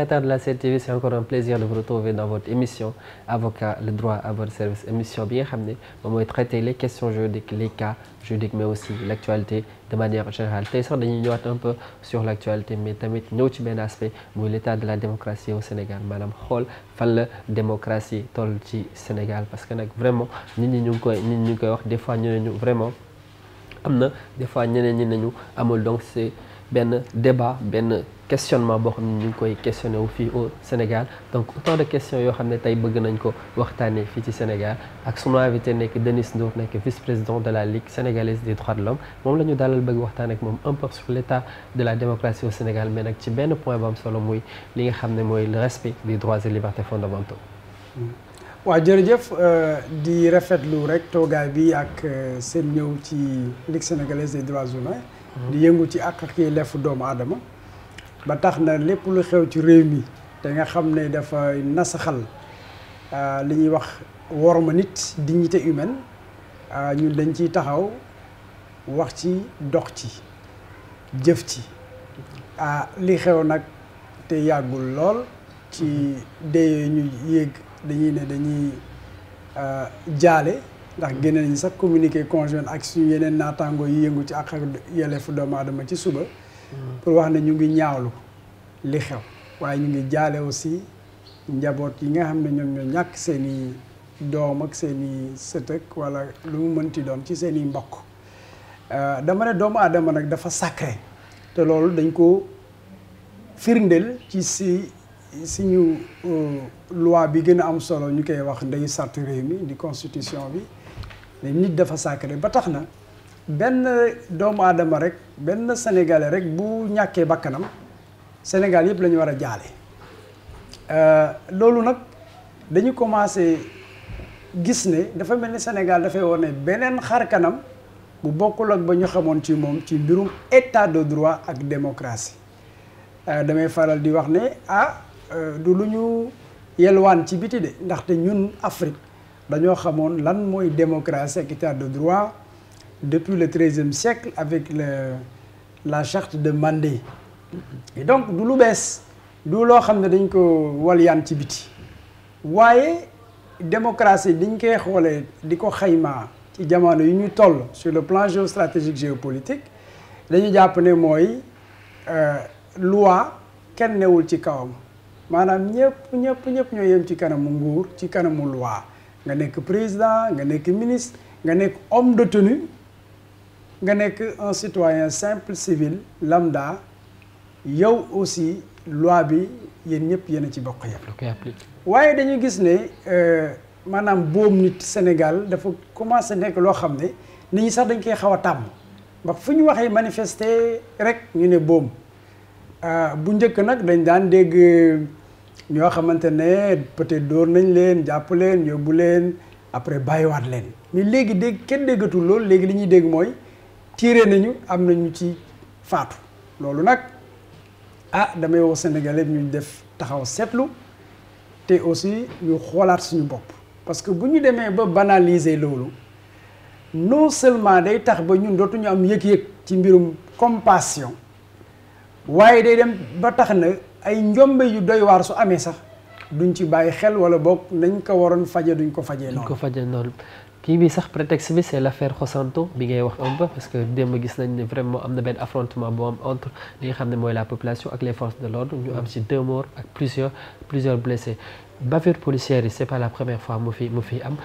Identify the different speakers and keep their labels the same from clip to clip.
Speaker 1: Internet de la 7TV c'est encore un plaisir de vous retrouver dans votre émission avocat le droit à votre service émission bi nga xam ne traiter les questions juridiques les cas juridiques mais aussi l'actualité de manière générale tey sax dañuy ñëwaat un peu sur l'actualité mais tamit ñëw ci benn aspect muy l'état de la démocratie au Sénégal maanaam xool fan la démocratie toll ci Sénégal parce que nag vraiment nit ñi ñu ngi koy nit ñi donc c'est benn débat benn questionnement boo xam ne ñu ngi koy questionné wu fii au Sénégal donc autant de questions yoo xam ne tey bëgg nañ ko waxtaanee fii ci Sénégal ak sunu invité nekk Denis Ndour nekk vice-président de la Ligue sénégalaise des droits de l'homme moom la ñu dalal bëgg waxtaan ak moom un peu sur l'état de la démocratie au Sénégal mais ci benn point bu solo muy li nga xam ne mooy le respect des droits et libertés fondamentaux
Speaker 2: waaw jërëjëf euh, di rafetlu ak euh, seen ñëw ci Ligue sénégalaise des droits humains yëngu ci àq ak yelleefu doomu aadama ba tax na lépp lu xew ci réew mi te nga xam ne dafay nasaxal euh, li ñuy wax worma nit dignité humaine euh, ñun dañ ciy taxaw wax ci dox ci jëf ci ah li xew nag te yàggul lool ci mm-hmm. dee ñu yéeg dañuy ne dañuy jaale ndax génne nañu sax communiqué conjoint ak suñu yeneen naataangoo yi yëngu ci ak ak doomu adama ci suba. pour wax na ñu ngi ñaawlu li xew. waaye ñu ngi jaale aussi njaboot yi nga xam ne ñoom ñoo ñàkk seeni doom ak seeni i sët wala lu mu mënti doon ci seen i mbokk. Euh, dama ne doomu aadama nag dafa sacré te loolu dañ ko firndeel ci si suñu euh, loi bi gën a am solo ñu koy wax ndeyu sartu réew mi di constitution bi. mais nit dafa sacré ba tax na benn doomu aadama rek benn sénégalais rek bu ñàkkee bakkanam Sénégal yëpp la war a jaale euh, loolu nag dañu commencé gis ne dafa mel ni Sénégal dafay wane beneen xar kanam bu bokkul ak ba ñu xamoon ci moom ci mbirum état de droit ak démocratie euh, damay faral di wax ne ah euh, du lu ñu yelwaan ci biti de ndaxte ñun Afrique dañoo xamoon lan mooy démocratie ak état de droit depuis le treizième siècle avec le la charte de Mandé donc du lu bees du loo xam ne dañ ko walyaan ci biti waaye démocratie diñ koy xoolee di ko xaymaa ci jamono yu ñu toll sur le plan géostratégique géopolitique dañu jàpp ne mooy euh, loi kenn newul ci kawam maanaam ñëpp ñëpp ñëpp ñoo yem ci kanamu nguur ci kanamu loi nga nekk président nga nekk ministre nga nekk homme de tenue nga nekk en citoyen simple civil lambda yow aussi loi bi yéen ñëpp yéen a ci bokk
Speaker 1: yëpp
Speaker 2: waaye dañu gis ne euh, maanaam boom nit Sénégal dafa commencé nekk loo xam ne nit ñi sax dañ koy xaw a tàmm ba fu ñu waxee manifester rek ñu ne boom euh, bu njëkk nag dañ daan dégg ñoo xamante ne peut door nañ leen jàpp leen yóbbu leen après bàyyiwaat leen mu léegi dégg kenn déggatul loolu léegi li ñuy dégg mooy tiire nañu am nañu ci faatu loolu nag ah damay wax sénégalais ñu def taxaw seetlu te aussi ñu xoolaat suñu bopp parce que bu ñu demee ba banaliser loolu non seulement day tax ba ñun dootuñu am yëg-yëg ci mbirum compassion waaye day dem ba tax na ay njombe yu doy waar su amee sax duñ ci bàyyi xel wala boog nañ ko waroon faje duñ ko fajee noonu. ko
Speaker 1: fajee noonu kii bi sax prétexte bi c'est l'affaire Xosanto bi ngay wax un peu parce que démb gis nañ ne vraiment am na benn affrontement boo am entre li nga mooy la population ak les forces ñu am ci deux morts ak plusieurs plusieurs blessés. bavure policière yi c'est pas mu fi mu fi am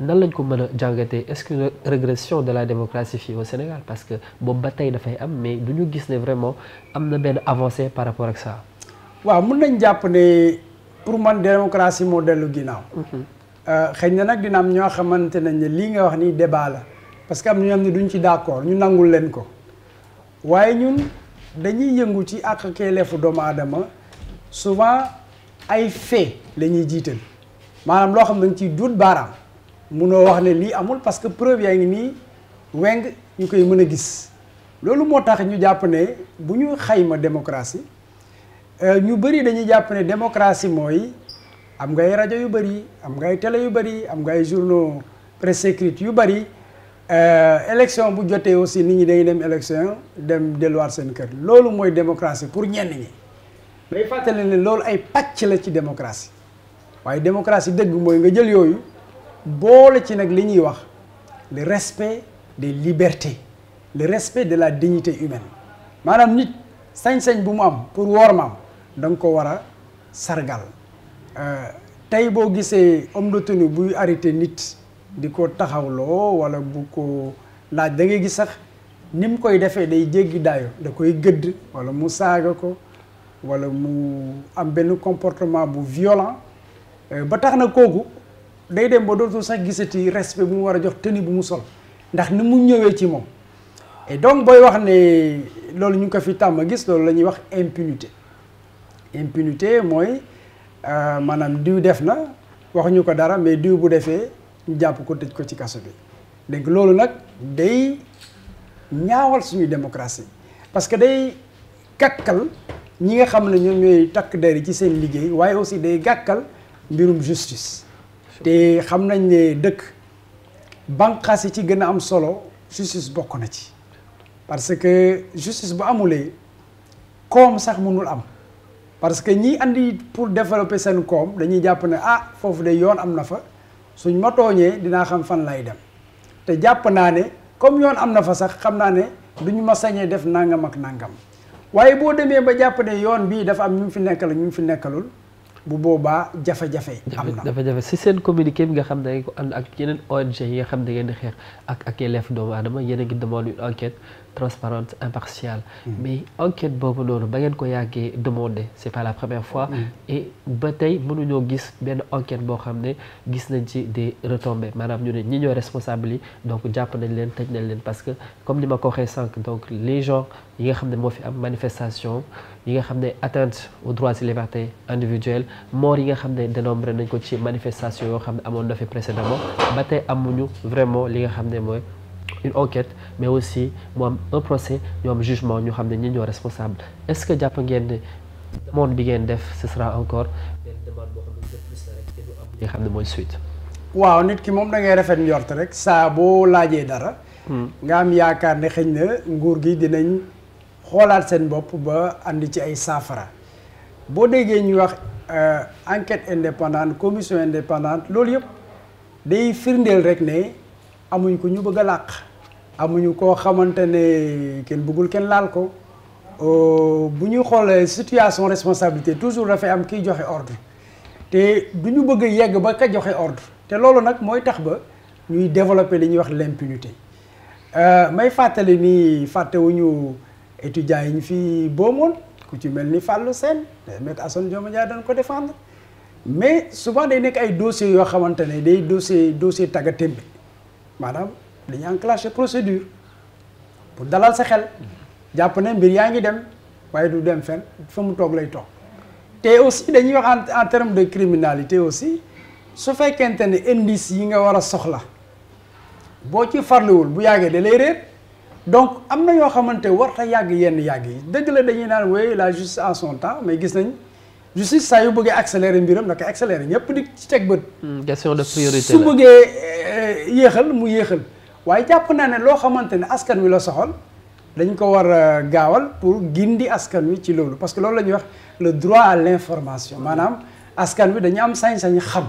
Speaker 1: nan lañ ko mën a jàngatee est-ce que une régression de la démocratie fii au Sénégal parce que boobu ba tey dafay am mais du ñu gis ne vraiment am na benn avancée par rapport ak ça.
Speaker 2: waaw mun nañ jàpp ne pour man démocratie moo dellu ginnaaw. Mhm. Euh, xëy na nag dina am ñoo xamante nañ ne lii nga wax nii débat la parce que am na ñoo xam ne duñ ci d'accord ñu nangul leen ko waaye ñun dañuy yëngu ci àq keeleefu doomu aadama souvent ay fait la jiital maanaam loo xam ne dañ ciy duut baaraam munoo wax ne lii amul parce que preuve yaa ngi nii weng ñu koy mën a gis loolu moo tax ñu jàpp ne bu ñu xayma démocratie. Euh, ñu bëri dañuy jàpp ne démocratie mooy am ngay rajo yu bëri am ngay télé yu bëri am ngay journaux presse écrite yu bëri euh, élection bu jotee aussi nit ñi dañuy dem élection dem delluwaat seen kër loolu mooy démocratie pour ñenn ñi day fàttali ne loolu ay pàcc la ci démocratie waaye démocratie dëgg mooy nga jël yooyu boole ci nag li ñuy wax le respect des libertés le respect de la dignité humaine maanaam nit sañ-sañ bu mu am pour woor wormaam da nga ko war a sargal euh, tey boo gisee homme de tenue buy arrêté nit di ko taxawloo wala bu ko laaj da gis sax ni mu koy defee day jéggi daayo da koy gëdd wala mu saaga ko wala mu am benn comportement bu violent euh, ba tax na kooku day dem ba dootul sax gisati respect bu mu war a jox tenue bu mu sol ndax ni mu ñëwee ci moom et booy wax ne loolu ñu ko fi tàmm gis loolu la ñuy wax impunité impunité mooy euh, maanaam diw def na waxuñu ko dara mais diw bu defee jàpp ko tëj ko ci kaso bi donc loolu nag day ñaawal suñuy démocratie parce que day gàkkal ñi nga xam ne ñoom ñooy takk der yi ci seen liggéey waaye aussi day gàkkal mbirum justice te xam nañ ne dëkk banqaas yi ci gën a am solo justice bokk na ci parce que justice bu amulee koom sax munul am parce que ñi andi pour développer seen koom dañuy jàpp ne ah foofu de yoon am na fa suñ ma tooñee dinaa xam fan laay dem te jàpp naa ne comme yoon am na fa sax xam naa ne duñu ma sañee def nangam ak nangam waaye boo demee ba jàpp ne yoon bii dafa am ñu fi nekkal ñu fi nekkalul bu boobaa jafe-jafe. am na
Speaker 1: jafe-jafe si seen communiqué bi nga xam ne da ngeen ko ànd ak yeneen ONG yi nga xam ne da ngeen di xeex ak ak yelleef doomu aadama yéen a ngi demande une enquête transparente impartiale. Mm. mais enquête boobu noonu ba ngeen ko yàggee demandé c' est la première fois. Mm. et ba tey mënuñoo gis benn enquête boo xam ne gis nañ ci di retombées maanaam ñu ne ñi ñoo responsable yi donc jàpp nañ leen tëj nañ leen parce que comme ni ma ko waxee sànq donc les gens nga xam ne moo fi am manifestation. yi nga xam ne atteinte aux droits et libertés individuelles yi nga xam ne dénombré nañ ko ci manifestation yoo xam ne amoon na fi précédemment ba tey amuñu vraiment li nga xam ne mooy une enquête mais aussi mu am un procès ñu am jugement ñu xam ne ñi ñoo responsable est-ce que jàpp ngeen ne demande bi ngeen def ce sera encore benn demande xam ne def plus la rek te du li nga xam ne mooy suite
Speaker 2: waaw nit ki moom da ngay rafet njort rek saa boo laajee dara hmm. nga am yaakaar ne xëñ na nguur gi dinañ xoolaat seen bopp ba andi ci ay saafara boo déggee ñuy wax euh, enquête indépendante commission indépendante loolu yëpp day firndeel rek ne amuñ ko ñu bëgg a làq amuñu koo xamante ne kenn bëggul kenn laal ko euh, bu ñuy xoolee situation responsabilité toujours dafay am kiy joxe ordre te du ñu bëgg yegg ba ka joxe ordre te loolu nag mooy tax ba ñuy développer li ñuy wax l'impunité euh, may fàttali nii fàttewuñu étudiants yi ñu fi boomoon ku ci mel ni Fallou Sène maître Assane Dioma Ndiaye doon ko défendre mais souvent day nekk ay dossiers yoo xamante ne day dossier dossier tagga témbe maanaam dañuy enclenché procédure pour dalal sa xel jàpp ne mbir yaa ngi dem waaye du dem fenn fa mu toog lay toog te aussi dañuy wax en en terme de criminalité aussi su fekkente ne indice yi nga war a soxla boo ci farluwul bu yàggee da lay réer donc am na yoo xamante warta yàgg yenn yàgg yi dëgg la dañuy naan wéy la justice en son temps mais gis nañ justice saa yu bëggee accélérer mbiram da koy accélérer ñëpp di ci teg bët. Hmm,
Speaker 1: de priorité la su
Speaker 2: bëggee euh, yéexal mu yéexal waaye jàpp naa ne loo xamante ne askan wi la soxal dañ ko war a gaawal pour gindi askan wi ci loolu parce que loolu la ñuy wax le droit à l'information maanaam askan wi dañu am sañ-sañ xam.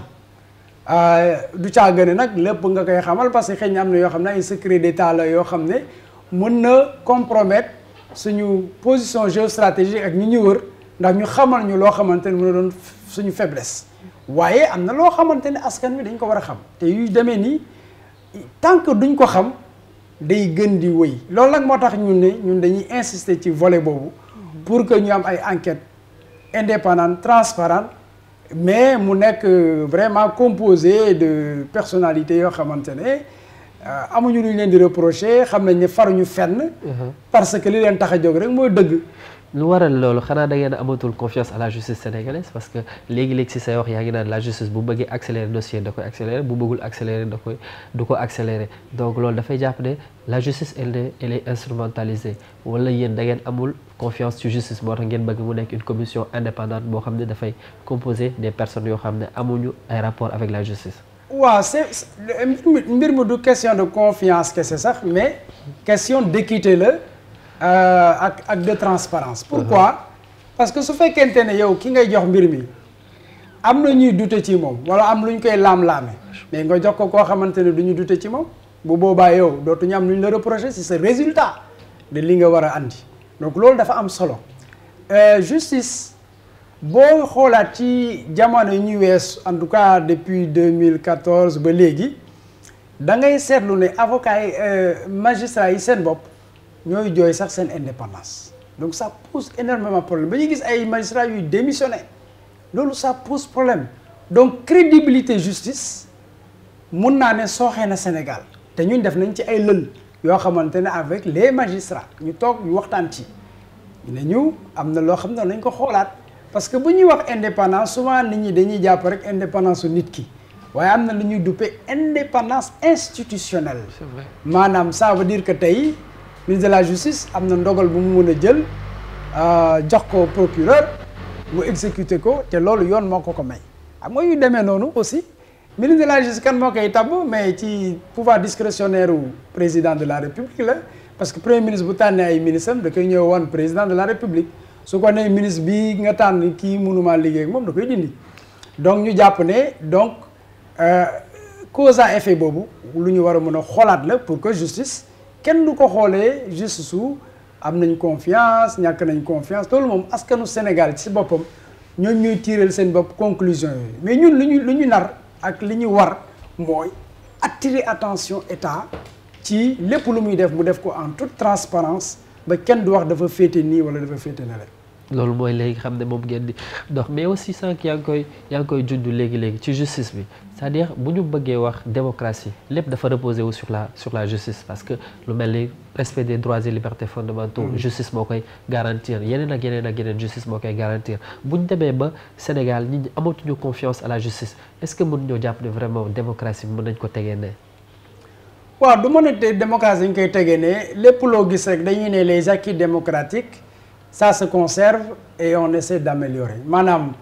Speaker 2: Euh, du caa nag lépp nga koy xamal parce que xëy am na yoo xam ne ay secret d'état yoo xam ne. mën na compromettre suñu position géostratégique ak ñi ñu wër ndax ñu xamal ñu loo xamante ne mën na doon suñu faiblesse waaye am na loo xamante ne askan wi dañ ko war a xam te yu demee nii tant que duñ ko xam day gën di wëy loolu nag moo tax ñun ne ñun dañuy insister ci vole boobu pour que ñu am ay enquêtes indépendantes transparentes mais mu nekk vraiment composé de personnalités yoo xamante ne Euh, amuñu lu ñu leen di reprocher xam nañ ne faruñu fenn. Mhm. parce que li leen tax a jóg rek moo dëgg.
Speaker 1: lu waral loolu xanaa da ngeen amatul confiance à la justice sénégalaise parce que léegi-léegi si say wax yaa ngi naan la justice bu bëggee accélérer dossier da koy accélérer bu bëggul accélérer da koy du ko accélérer donc loolu dafay jàpp de la justice elle elle est instrumentalisée wala yéen da ngeen amul confiance ci justice moo tax ngeen bëgg mu nekk une commission indépendante boo xam ne dafay composé des personnes yoo xam ne amuñu ay rapport avec la justice.
Speaker 2: waaw c' est mbir mi du question de confiance kese sax mais question d' équité la euh, ak ak de transparence pourquoi uh-huh. parce que su fekkente ne yow ki ngay jox mbir mi am na ñuy dute ci moom wala am lu ñu koy laam-laame mais nga jox ko koo xamante ne du ñu dute ci moom bu boobaa yow dootuñu am lu ñu la reproché ci sa résultat de li nga war a andi donc loolu dafa am solo euh, justice. boo xoolaat ci jamono yu ñuy wees en tout cas depuis 2014 ba léegi da ngay seetlu ne avocats yi euh, magistrats yi seen bopp ñooy jooy sax seen indépendance donc sax pose énormément problème ba ñu gis ay magistrats yuy démissionné loolu sax pose problème donc crédibilité justice mun naa ne sooxee na Sénégal te ñun def nañ ci ay lël yoo xamante ne avec les magistrats ñu toog waxtaan ci ne am na loo xam ne nañ ko xoolaat parce que bu ñuy wax indépendance souvent nit ñi dañuy jàpp rek indépendance su nit ki waaye am na lu ñuy duppe indépendance institutionnelle. c'est vrai maanaam ça veut dire que tey ministre de la justice am na ndogal bu mu mën a jël euh, jox ko procureur mu exécuter ko te loolu yoon moo ko ko may. xam nga yu demee noonu aussi ministre de la justice kan moo koy tabb mais ci pouvoir discrétionnaire président de la république la parce que premier ministre bu tànnee ay da koy ñëw woon président de la république. su ko nee ministre bi nga tànn kii munumaa liggéey moom da koy dindi donc ñu jàpp ne donc euh, cause à effet boobu lu ñu war a mën a xoolaat la pour que justice kenn du ko xoolee juste su am nañ confiance ñàkk nañ confiance loolu moom askanu Sénégal ci boppam ñoom ñuy tiiral seen bopp conclusion yooyu mais ñun lu ñu lu ñu nar ak li ñu war mooy attirer attention état ci lépp lu muy def mu def ko en toute transparence ba kenn du wax dafa féete nii wala dafa féete na
Speaker 1: loolu mooy léegi xam ne moom ngeen di dox mais aussi sànq yaa ngi koy yaa léegi léegi ci justice bi cest dire bu ñu bëggee wax démocratie lépp dafa reposer sur la justice parce que lu mel ni respect des droits et libertés fondamentaux mm. justice moo koy garantir yeneen ak yeneen ak yeneen justice moo koy garantir bu ñu demee ba Sénégal ñi amatuñu confiance à la justice est-ce que mën ñoo jàpp ne vraiment démocratie bi mën nañ ko tegee ne
Speaker 2: waaw du ma ne saa se conserve et on essaie d'améliorer maanaam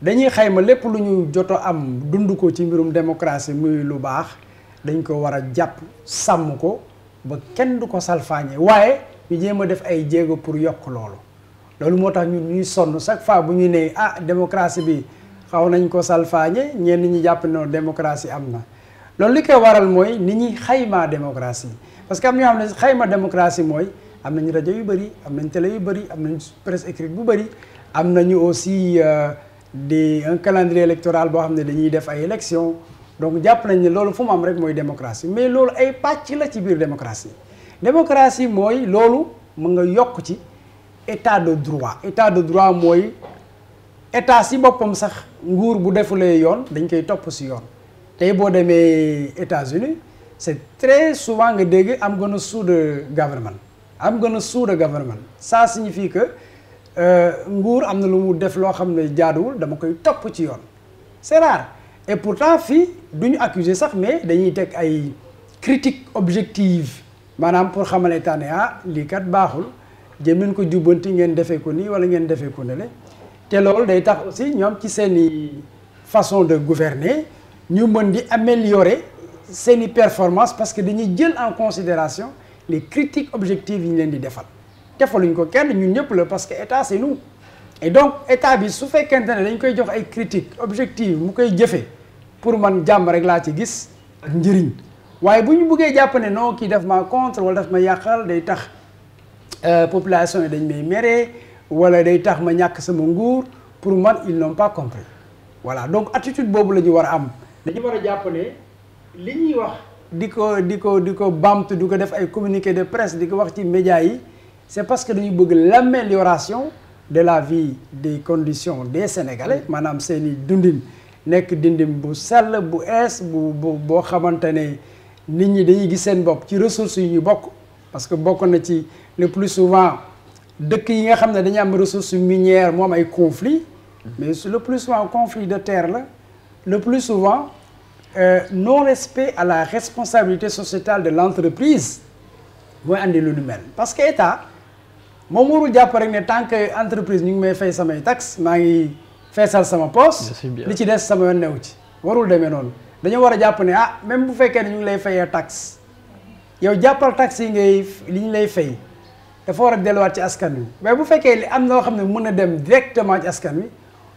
Speaker 2: dañuy xayma lépp lu ñu joto am dund ko ci mbirum démocratie muy lu baax dañ ko war a jàpp sàmm ko ba kenn du ko salfaañe waaye ñu jéem a def ay jéego pour yokk loolu loolu moo tax ñun ñuy sonn chaque fois bu ñu nee ah démocratie bi xaw nañ ko salfaañe ñenn ñi jàpp ne démocratie am na loolu li koy waral mooy ni ñuy xaymaa démocratie parce que am ñoo xam ne xayma démocratie mooy am nañu rajo yu bëri am nañ télé yu bëri am nañ presse écrite bu bëri am nañu aussi euh, des un calendrier électoral boo xam ne dañuy def ay élections donc jàpp nañ ne loolu fu mu am rek mooy démocratie mais loolu ay pàcc la ci biir démocratie démocratie mooy loolu mu nga yokk ci état de droit état de droit mooy état si boppam sax nguur bu defulee yoon dañ koy topp si yoon tey boo demee États-Unis c'est très souvent nga dégg am gën a sous de gouvernement I'm gonna a the government ça signifie que euh, nguur am na lu mu def loo xam ne jaaduwul dama koy topp ci yoon c'est rare et pourtant fii du ñu accuser sax mais dañuy teg ay critique objective maanaam pour xamal état ne ah lii kat baaxul jëmeen ko jubbanti ngeen defee ko nii wala ngeen defee ko nele te loolu day tax aussi ñoom ci seeni façon de gouverner ñu mën di améliorer seeni performance parce que dañuy jël en considération les critiques objectives yi ñu leen di defal defaluñ ko kenn ñu ñëpp la parce que état c'est nous et donc état bi su fekkente ne dañ koy jox ay critiques objectives mu koy jëfee pour man jàmm rek laa ci gis ak njëriñ waaye bu ñu buggee jàpp ne non kii daf ma contre wala daf ma yàqal day tax euh, population yi dañ may mere wala day tax ma ñàkk sama nguur pour man ils n'ont pas compris voilà donc attitude boobu la ñu war a am dañu war a jàpp li ñuy wax di ko di ko di ko bamtu du ko def ay communiqué de presse di ko wax ci médias yi c'est parce que dañu bëgg l'amélioration de la vie des conditions des Sénégalais maanaam seen i dundin nekk dindim bu sell bu ees bu boo xamante ne nit ñi dañuy gis seen bopp ci ressources yi ñu bokk parce que bokk na ci le plus souvent dëkk yi nga xam ne dañu am ressource minière moom ay conflits mais le plus souvent conflit de terre la le plus souvent Euh, non-respect à la responsabilité sociétale de l'entreprise mooy indi lu nu mel parce que état moom warul jàpp rek ne tant que entreprise ñu ngi may fay samay taxes maa ngi feesal sama poche. li ci des sama yoon newu ci. warul demee noonu dañoo war a jàpp ne ah même bu fekkee ne ñu ngi lay fayee taxe yow jàppal taxe yi ngay li ñu lay fay dafa war a delluwaat ci askan wi mais bu fekkee li am na xam ne mën a dem directement askan wi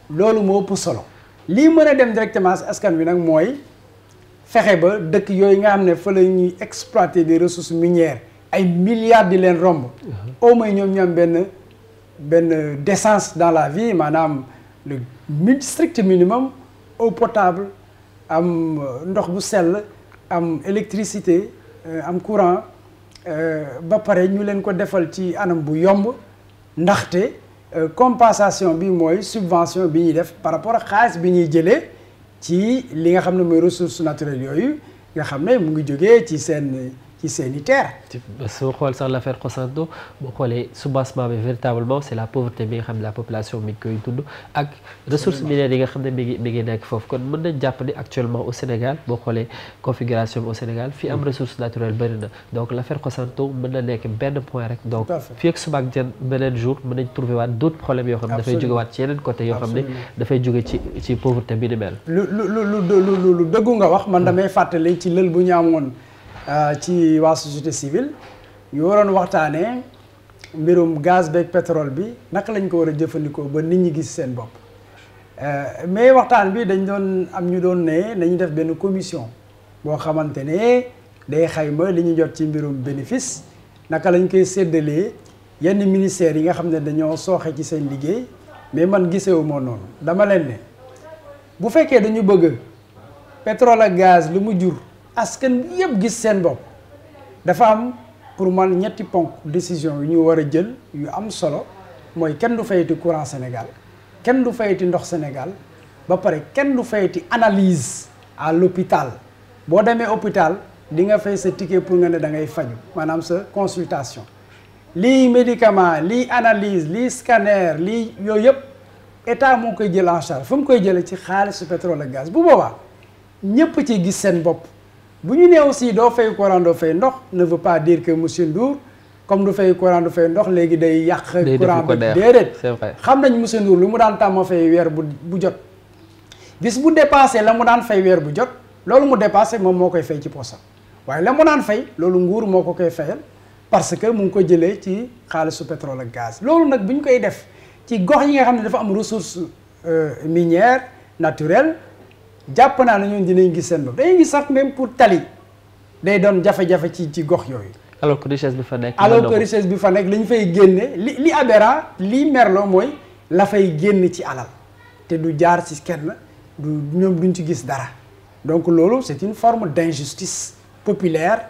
Speaker 2: loolu moo ëpp solo lii mën a dem directement askan wi nag mooy. fexe ba dëkk yooyu nga xam ne fa la ñuy exploiter des ressources minière ay milliards di leen romb uh-huh. au moins ñoom ñu benn benn décence dans la vie maanaam le strict minimum eau potable am euh, ndox bu sell am électricité euh, am courant euh, ba pare ñu leen ko defal ci anam bu yomb ndaxte compensation bi mooy subvention bi ñuy def par rapport ak xaalis bi ñuy jëlee ci li nga xam ne mooy ressources naturelles yooyu nga xam ne mu ngi jógee ci seen ci seeni terre
Speaker 1: soo xool sax l'affaire Khossanto boo xoolee soubassement bi véritablement c'est la pauvreté bi nga xam ne la population mi nga xam ne mi ngi nekk foofu kon mën nañ jàpp ni actuellement au Sénégal boo xoolee configuration au Sénégal fii am mm. ressource naturelle bëri donc l'affaire Khossanto mën na nekk benn point rek donc fii ak suba ak beneen jour mën nañ trouver waat d'autres problèmes yoo xam ne dafay jóge waat ci yeneen côté yoo xam ne dafay jóge
Speaker 2: Euh, ci waa société civile ñu waroon waxtaanee mbirum gaz beeg pétrole bi naka lañ ko war a jëfandikoo ba nit ñi gis seen bopp euh, mais waxtaan bi dañ doon am ñu doon ne nañu def benn commission boo xamante ne day xayma li ñu jot ci mbirum bénéfice naka lañ koy séddalee yenn ministères yi nga xam ne dañoo sooxe ci seen liggéey mais man gisewu moo noonu dama leen ne bu fekkee dañu bëgg pétrole ak gaz lu mu jur askan bi yëpp gis seen bopp dafa am pour man ñetti ponk décision yu ñu war a jël yu am solo mooy kenn du fayati courant Sénégal kenn du fayati ndox Sénégal ba pare kenn du fayati analyse à l'hôpital boo demee hôpital di nga fay sa ticket pour nga ne da ngay faju maanaam sa consultation lii médicament lii analyse lii scanner lii yooyu yëpp état moo koy jël en charge fu mu koy jëlee ci xaalisu pétrole ak gaz bu boobaa ñëpp ci gis seen bopp bu ñu nee aussi doo fay courant doo fay ndox ne veut pas dire que monsieur Ndour comme du fay courant du fay ndox léegi day yàq courant bi déedéet xam mu monsieur Ndour lu mu daan tàmm fay weer bu bu jot bis bu dépassé la mu daan fay weer bu jot loolu mu dépassé moom moo koy fay ci poosam waaye la mu daan fay loolu nguur moo ko koy fayal parce que mu ngi ko jëlee ci xaalisu pétrole ak gaz loolu nag bu ñu koy def ci gox yi nga xam ne dafa am ressource euh, minière naturelle jàpp naa ne ñoom dinañ gis seen bopp dañuy gis sax même pour tali day doon jafe-jafe ci ci gox yooyu.
Speaker 1: alors que richesse bi fa nekk. alors que
Speaker 2: richesse bi fa ñu fay génne li li aberra li merlo mooy la fay génn ci alal te du jaar ci kenn du ñoom duñ ci gis dara donc loolu c'est une forme d'injustice populaire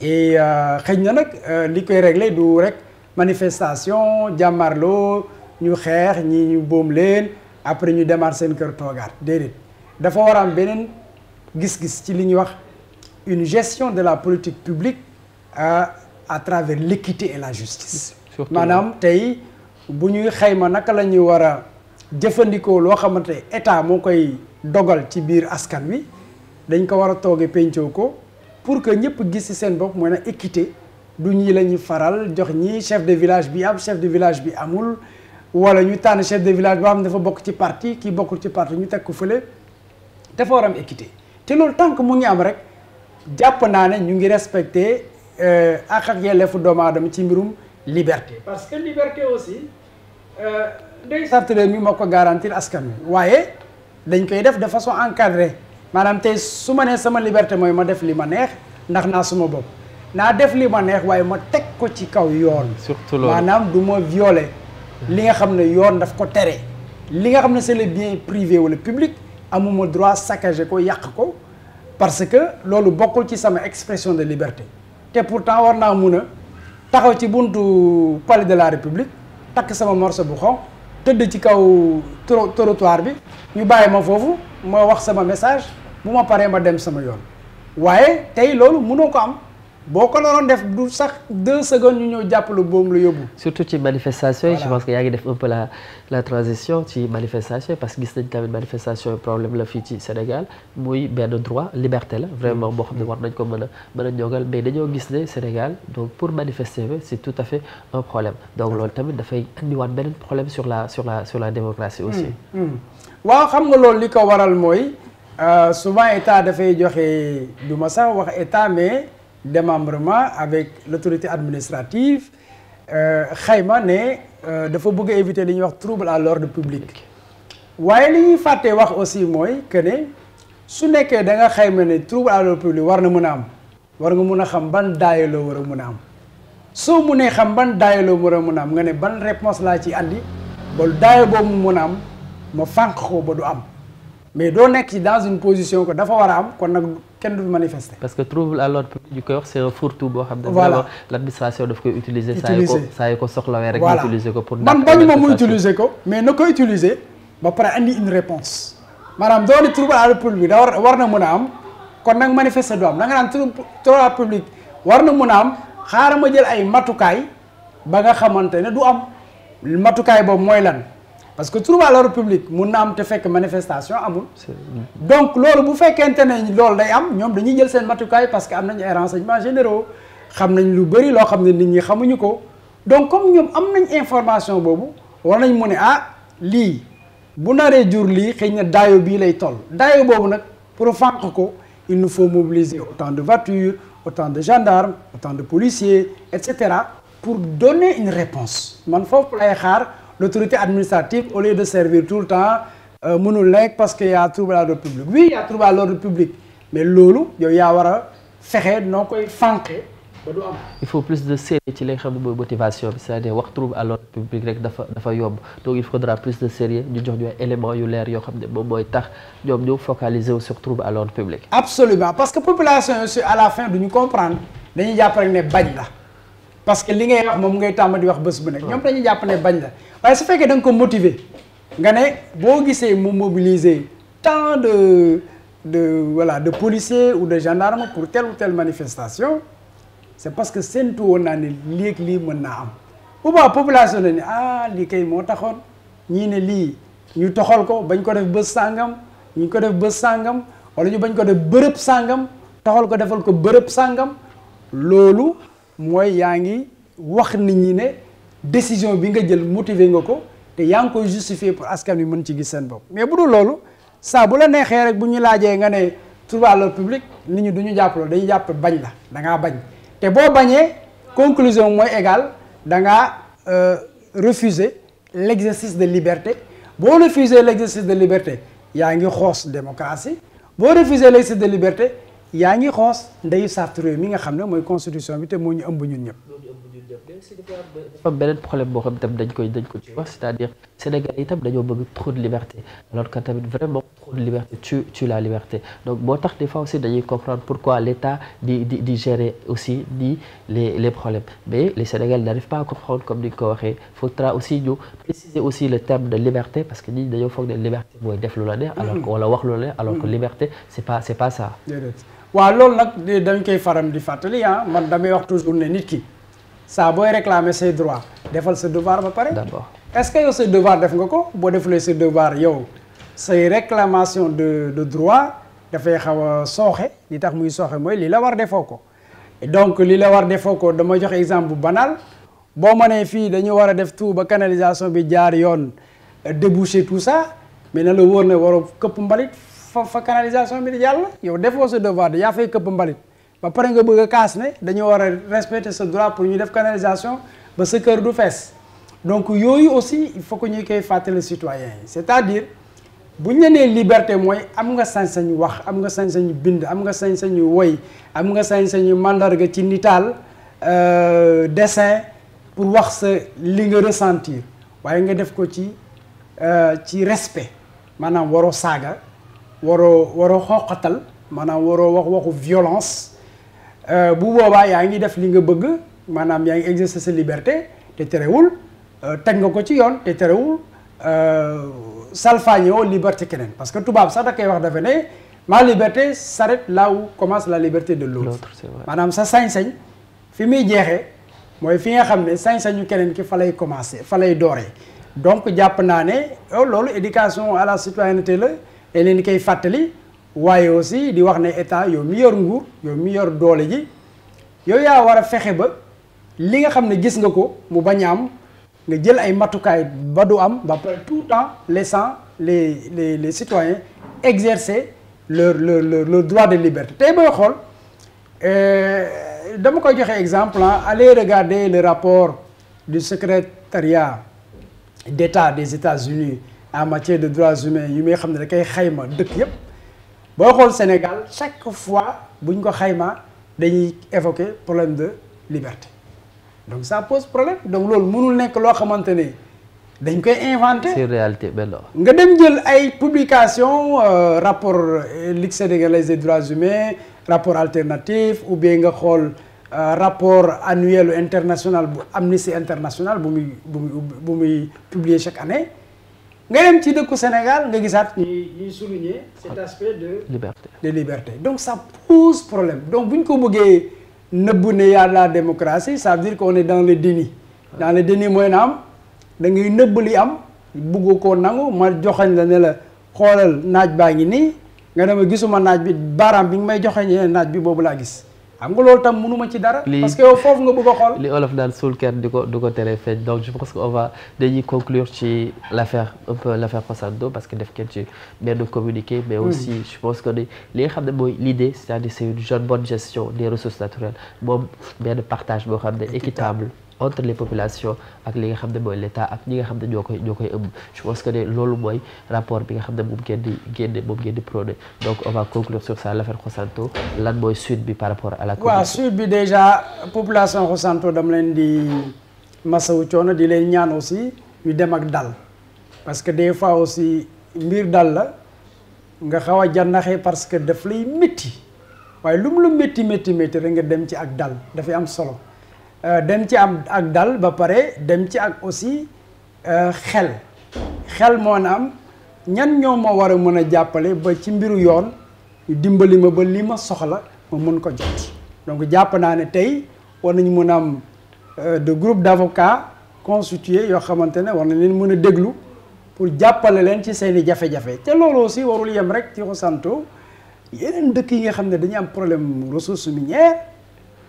Speaker 2: et euh, xëy na nag euh, li koy régler du rek manifestation jàmmarloo ñu xeex ñi ñu boom leen après ñu démarrer seen kër toogaat déedéet. dafa war beneen gis-gis ci li ñuy wax une gestion de la politique publique à, euh, à travers l'équité et la justice maanaam tey bu ñuy ma naka la ñuy war a jëfandikoo loo xamante état moo koy dogal ci biir askan wi dañ ko war a toogee penco ko pour que ñëpp gis ci seen bopp mooy na équité du ñii la ñuy faral jox ñi chef de village bi am chef de village bi amul wala ñu tànn chef de village boo xam ne dafa bokk ci parti ki bokkul ci parti ñu teg ko fële dafa war am équité te loolu tant que mu ngi am rek jàpp naa ne ñu ngi respecté euh, ak ak yelleefu doomu aadama ci mbirum liberté. parce que liberté aussi. ndey euh, charte réew mi moo ko garantir askan wi waaye dañ koy def de façon encadrée maanaam tey su ma nee sama liberté mooy ma def li ma neex ndax naa suma bopp naa def li ma neex waaye ma teg ko ci kaw yoon. surtout loolu maanaam du ma violer li nga xam ne yoon daf ko tere li nga xam ne c'est le bien privé wala public. amuma droit saccager ko yàq ko parce que loolu bokkul ci sama expression de liberté te pourtant war naa mun a taxaw ci buntu palais de la république takk sama morceau bu xaw tëdd ci kaw trottoir bi ñu bàyyi ma foofu ma wax sama message bu ma paree ma dem sama yoon waaye tey loolu munoo ko am boo ko naroon def du sax deux secondes ñu ñëw jàppalu boom lu yóbbu.
Speaker 1: surtout ci manifestation yi je pense que yaa ngi def un peu la la transition ci manifestation parce que gis nañ tamit manifestation problème la fii ci Sénégal muy benn droit liberté la vraiment boo xam ne war nañ ko mën a mën a ñogal mais dañoo gis ne Sénégal donc pour manifester c'est tout à fait un problème donc loolu tamit dafay andiwaat beneen problème sur la sur la sur
Speaker 2: démembrement avec l'autorité administrative euh, xayma ne euh, dafa bëgg a éviter li ñuy wax trouble à l'ordre public waaye li ñuy fàtte wax aussi mooy que ne su nekkee da nga xayma ne trouble à l'ordre public war na mën a am war nga mun a xam ban daayaloo war a mun a am soo munee xam ban daayaloo war a mun a am nga ne ban réponse laa ci andi ba daayo boobu mun a am ma fànq ko ba du am mais doo nekk ci dans une position que dafa war a am kon nag kenn du manifester.
Speaker 1: parce que trouble à l'ordre public ñu koy wax c'est un fourre boo xam ne. voilà l'administration daf koy saa ko saa yu ko soxlawee rek. voilà ko pour. man bañ ma mu
Speaker 2: utiliser ko mais na ko utiliser ba pare andi une réponse maanaam doo ni trouble à l'ordre public da war war na mën a am kon nag manifester du am da nga naan trouble à public war na mën a am xaaral ma jël ay matukaay ba nga xamante ne du am matukaay boobu mooy lan. parce que trouble à l'ordre mun na am te fekk manifestation amul. donc loolu bu fekkente ne loolu day am ñoom dañuy jël seen matukaay parce que am nañ ay renseignements généraux xam nañ lu bëri loo xam ne nit ñi xamuñu ko donc comme ñoom am nañ information boobu war nañ mu ne ah lii bu naree jur lii xëy na daayo bii lay toll daayo boobu nag pour fànq ko il nous faut mobiliser autant de voitures autant de gendarmes autant de policier et cetera pour donner une réponse man foofu lay xaar. l'autorité administrative au lieu de servir tout le temps euh, mënul nekk parce que y a trouble à l'ordre public oui y a trouble à public mais loolu yow yaa war a fexe noo koy fànqee ba du am.
Speaker 1: il faut plus de sérieux ci li nga xam ne mooy motivation bi c'est-à-dire wax trouble à l'ordre public rek dafa dafa yomb donc il faudra plus de sérieux ñu jox ñu ay éléments yu leer yoo xam ne moom mooy tax ñoom ñu focaliser wu sur trouble à l'ordre public.
Speaker 2: absolument parce que population parce que li ngay wax moom ngay tàmm di wax bés bu nekk ñoom dañu jàpp ne bañ la waaye su fekkee da nga ko motiver nga ne boo gisee mu mobiliser temps de de voilà de policiers ou de gendarmes pour telle ou telle manifestation c'est parce que séntu woon naa ne lii ak lii mën naa am bu baax population la ne ah lii kay moo taxoon ñii ne lii ñu toxal ko bañ ko def bés sàngam ñu ko def bés sàngam wala ñu bañ ko def bërëb sàngam toxal ko defal ko bërëb sàngam loolu mooy yaa ngi wax nit ñi ne décision bi nga jël motiver nga ko te yaa ngi koy justifier pour askan wi mën ci gis seen bopp mais bu dul loolu saa bu la neexee rek bu ñu laajee nga ne trouble à l'ordre nit ñi du ñu jàpp loolu dañuy jàpp bañ la dangaa bañ te boo bañee conclusion mooy égal da ngaa euh, refuser l'exercice de liberté boo refuser l'exercice de liberté yaa ngi xoos démocratie boo refuser l'exercice de liberté. yaa ngi xoos ndeyu charte mi nga xam ne mooy constitution bi te moo ñu ëmb ñun ñëpp. dafa beneen
Speaker 1: problème boo xam tam dañ koy dañ ko ci wax c'est-à-dire Sénégal itam dañoo bëgg trop de liberté alors que tamit vraiment trop de liberté tue la liberté donc boo tax des fois aussi dañuy comprendre pourquoi l'État di di di gérer aussi di les les problèmes mais les Sénégalais n'arrivent pas à comprendre comme ni nga ko waxee faudra aussi ñu préciser aussi le terme de liberté que nit dañoo foog ne liberté mooy lu la neex alors que wala wax lu
Speaker 2: la waaw loolu nag dañ koy faram di fàttali ah man damay wax toujours ne nit ki saa booy réclamer ses droits defal sa devoir ba pare. d'abord est-ce que yow sa devoir def nga ko boo defulee sa devoir yow say réclamation de de droit dafay xaw a sooxe li tax muy sooxe mooy li la war defoo ko. donc li la war defoo ko dama jox exemple bu banal boo ma nee fii dañu war a def tout ba canalisation bi jaar yoon déboucher tout ça mais na la wóor ne waroo këpp mbalit. fa fa canalisation bi di jàll. yow defoo sa devoir de yaa fay këpp mbalit ba pare nga bëgg a kaas ne dañoo war a respecter sa droit pour ñu def canalisation ba sa kër du fees donc yooyu aussi foo ko que ñu koy fàttali citoyen yi c'est-à-dire bu ñu nee liberté mooy am nga sañ-sañu wax am nga sañ-sañu bind am nga sañ-sañu woy am nga sañ-sañu mandarga ci nitaal euh, dessin pour wax sa li nga ressentir waaye nga def ko ci euh, ci respect maanaam waroo saaga. waroo waroo xoqatal maanaam waroo wax waxu violence euh, bu boobaa yaa ngi def li nga bëgg maanaam yaa ngi exercer sa liberté te terewul euh, teg nga ko ci yoon te terewul euh, salfaañoo liberté keneen parce que tubaab sax da koy wax dafa ne ma liberté s'arrête là où commence la liberté de l'autre maanaam sa sañ-sañ fi muy jeexee mooy fi nga xam ne sañ-sañu keneen ki fa lay commencer fa lay dooree donc jàpp naa ne oh, loolu éducation à la citoyenneté la dañ leen koy fàttali waaye aussi di wax ne état yow mi yor nguur yow mi yor doole ji yow yaa war a fexe ba li nga xam ne gis nga ko mu bañ a am nga jël ay matukaay ba du am ba pare tout le temps laissant les les les citoyens exercer leur leur leur leur droit de liberté tey booy xool euh, dama koy joxe exemple ah allez regarder le rapport du secrétariat d'État des États-Unis en matière de droits humains yu may xam ne da kay xayma dëkk yëpp boo xool Sénégal chaque fois bu ñu ko xayma dañuy évoquer problème de liberté donc ça pose problème donc loolu mënul nekk loo xamante ne dañ koy inventé.
Speaker 1: c'est réalité bello
Speaker 2: nga dem jël ay publication euh, rapport euh, Ligue sénégalaise des droits humains rapport alternatif ou bien nga xool euh, rapport annuel international bu Amnesty International bu muy bu muy bu muy publier chaque année. nga dem ci dëkku Sénégal nga gisaat. ñuy ñuy souligner cet ah. aspect de. liberté de liberté donc ça pose problème donc bu ñu ko bëggee nëbbu ne yaa la démocratie ça veut dire qu'on est dans le déni. Ah. dans le déni mooy na am da ngay nëbb li am bugg ko nangu ma joxañ la ne la xoolal naaj baa ngi nii nga dem gisuma naaj bi baaraam bi nga may joxañ naaj bi boobu laa gis. xam nga loolu tam mënuma ci dara. parce que yow foofu nga bëgg a xool.
Speaker 1: li olof daan suul kër di ko di ko tere feeñ donc je pense que on va dañuy conclure ci l' affaire un peu l' affaire parce que def kenn ci benn communiqué. mais aussi je pense que li nga xam ne mooy l' idée c' est à dire c' une jeune bonne gestion des ressources naturelles moom benn partage boo xam ne équitable. entre les populations ak li nga xam ne mooy l'état ak ñi nga xam ne ñoo koy ñoo koy ëmb je pense que loolu mooy rapport bi nga xam ne moom ngeen di génne moom ngeen di donc on va conclure sur ça l'affaire Khossanto lan mooy suite bi par rapport à la waaw
Speaker 2: suite bi déjà population Khossanto dama leen di masawu coono di leen ñaan aussi ñu dem ak dal parce que des fois aussi mbir dal la nga xaw a jànnaxee parce que daf lay métti waaye lu mu lu métti métti métti rek nga dem ci ak dal dafay am solo Euh, dem ci am ak dal ba pare dem ci ak aussi euh, xel xel moo na am ñan ñoo ma war a mën a jàppale ba ci mbiru yoon dimbali ma ba li ma soxla ma mën ko jot donc jàpp naa ne tey war nañu mën a am euh, de groupe d'avocats constitué yoo xamante ne war nañ leen mën a déglu pour jàppale leen ci seeni jafe-jafe te loolu aussi warul yem rek ci santo yeneen dëkk yi nga xam ne dañu am problème ressource minière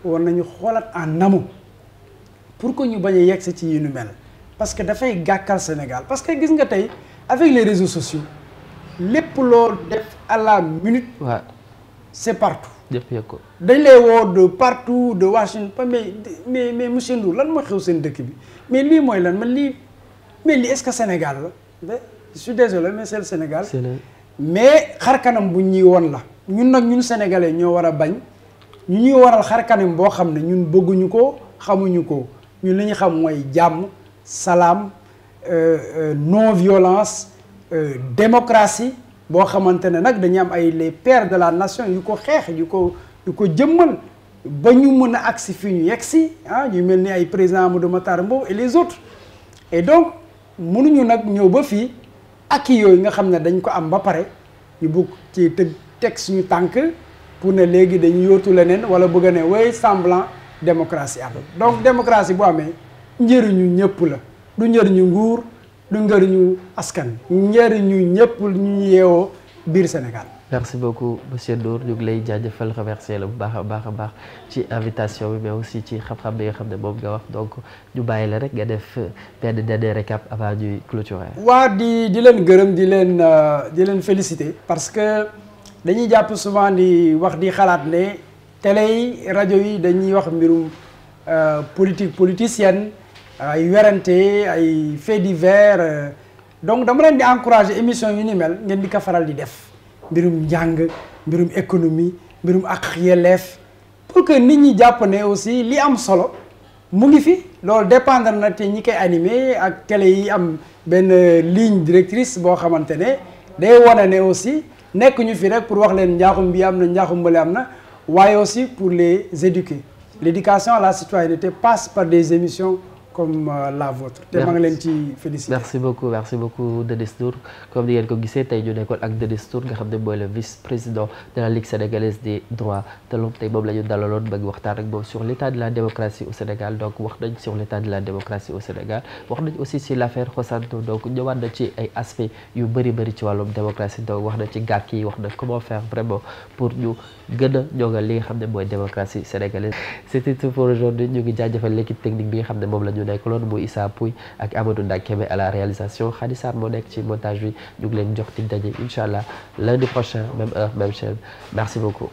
Speaker 2: war nañu xoolaat en namu pour que ñu bañ a yegg ci yi nu mel parce que dafay gàkkal Sénégal parce que gis nga tey avec les réseaux sociaux lépp loo def à la minute. waaw c'est partout. yëpp yëg ko dañ lay woo de partout de Washington mais mais mais monsieur Ndour lan moo xew seen dëkk bi mais lii mooy lan man lii mais lii est-ce que Sénégal la je suis désolé mais c'est mais xar kanam bu ñuy woon la ñun nag ñun sénégalais ñoo war a bañ ñu ñuy waral xar boo xam ne ñun bëgguñu ko xamuñu ko. ñu li ñu xam mooy jàmm salaam euh, euh, non violence euh, démocratie boo xamante ne nag dañu am ay les pères de la nation yu ko xeex yu ko yu ko jëmmal ba ñu mën a si fi ñu yegg si ah ñu mel ni ay président Amadou Matar Mbow et les autres et donc mënuñu nag ñëw ba fii ak yooyu nga xam ne dañ ko am ba pare ñu bugg ci teg teg suñu tànk pour ne léegi dañu yootu leneen wala bëgg a ne way semblant démocratie am donc démocratie bu amee njëriñu ñëpp la du njëriñu nguur du njëriñu askan njëriñu ñëpp ñu yewoo biir Sénégal.
Speaker 1: merci beaucoup monsieur Ndour ñu ngi lay jaajëfal remercier la bu baax a baax a baax ci invitation bi mais aussi ci xam-xam bi nga xam ne moom nga wax donc ñu bàyyi la rek nga def benn dernier récap avant ñuy clôturer.
Speaker 2: waa di di leen gërëm di leen euh, di parce que dañuy jàpp souvent di wax di xalaat ne. tele yi rajo yi dañuy wax mbirum euh, politique politicienne ay werante ay fait faits divers euh, donc dama leen di encourager émission yu ni mel ngeen di ko faral di def mbirum njàng mbirum économie mbirum ak yelleef pour que nit ñi jàpp ne aussi li am solo mu ngi fi loolu dépendre na te ñi koy anime ak télé yi am benn euh, ligne directrice boo xamante ne day wane ne aussi nekk ñu fi rek pour wax leen njaaxum bi am na njaaxum bële am na waaye aussi pour les éduquer l'éducation à la citoyenneté passe par des émissions comme euh, la vôtre. te maa ngi leen
Speaker 1: ci félicité. merci beaucoup Denis Ndour comme ni ko gisee tey ñu nekkoon ak Denis Ndour nga xam ne mooy le vice président de la Ligue sénégalaise des droits tey moom la dalaloon bëgg waxtaan ak moom sur l' état de la démocratie au Sénégal donc wax nañ sur l' état de la démocratie au Sénégal wax nañ aussi si l' affaire Khossanto donc ñëwaat na ci ay aspects yu bëri bëri ci wàllum démocratie donc wax na ci gàkk wax na comment a ñoŋal li nga xam des colonnes bu Issa Pouy ak Amadou Ndakebe à la réalisation Khady Sarr moo nekk ci montage bi ñu ngi leen jox dig daje incha allah lundi prochain même heure même chaîne merci beaucoup